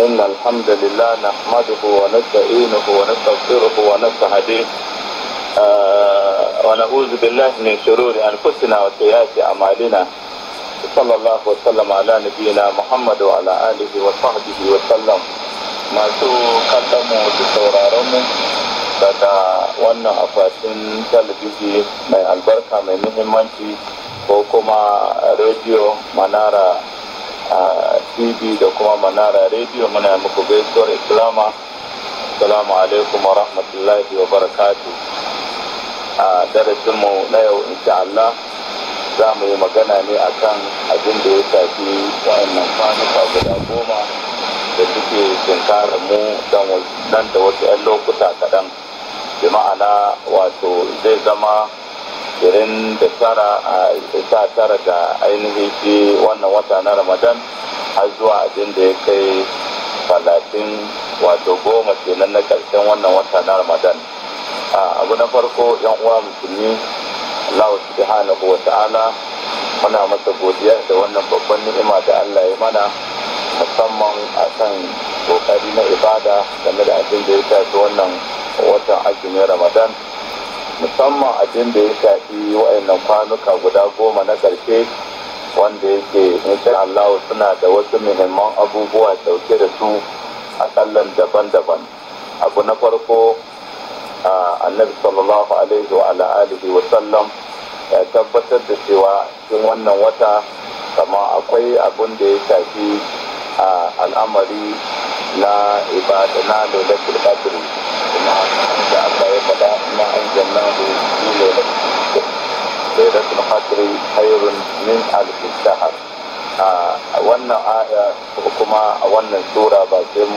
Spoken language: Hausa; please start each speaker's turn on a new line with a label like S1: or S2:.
S1: إن الحمد لله نحمده ونستعينه ونستغفره ونستهديه آه ونعوذ بالله من شرور أنفسنا وسيئات أعمالنا صلى الله وسلم على نبينا محمد وعلى آله وصحبه وسلم ما kallonmu قدموا sauraronmu daga بدا وانا talabijin تلبيجي من البركة من مهمانتي وكما راديو منارة A tv da kuma manara radio muna muku gaisuwar islama assalamu alaikum wa rahmatullahi wa barakatu a mu na yau insha Allah za mu yi magana ne akan abin da ya shafi wa'annan kwanuka guda goma da suke tunkara mu dan da wasu 'yan lokuta kaɗan jama'a ma'ana wato zai zama ashirin da tara a sha tara da ainihin shi wannan wata na ramadan har zuwa abin da ya kai talatin wato goma kenan na karshen wannan wata na ramadan abu na farko yan uwa musulmi allahu subhanahu wa ta'ala muna masa godiya da wannan babban ni'ima da allah ya mana musamman a kan kokari na ibada game da abin da ya shafi wannan watan azumin ramadan musamman abin da ya shafi wa'annan kwanuka guda goma na ƙarshe wanda yake nishin Allah suna da wasu muhimman abubuwa dauke da su a tsallan daban-daban abu na farko annabi sallallahu alaihi wa alihi wa sallam ya tabbatar da cewa cikin wannan wata kama akwai abun da ya shafi a al'amari na ibada na lalatul qadri kuma da zikri khairun min alfi shahar a wannan aya ko kuma a wannan sura ba sai